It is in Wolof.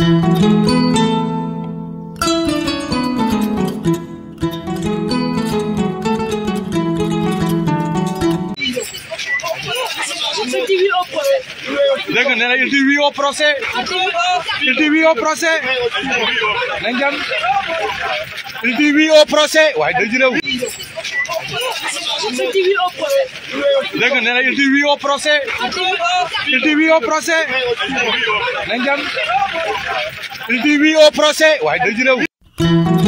léegi nee na il dit oui au procès il dit oui au procès nañ dem il dit Je dis oui au procès. dégg nga nee na il dit oui au procès. il dit oui au procès. nañ waaye dëgg réew.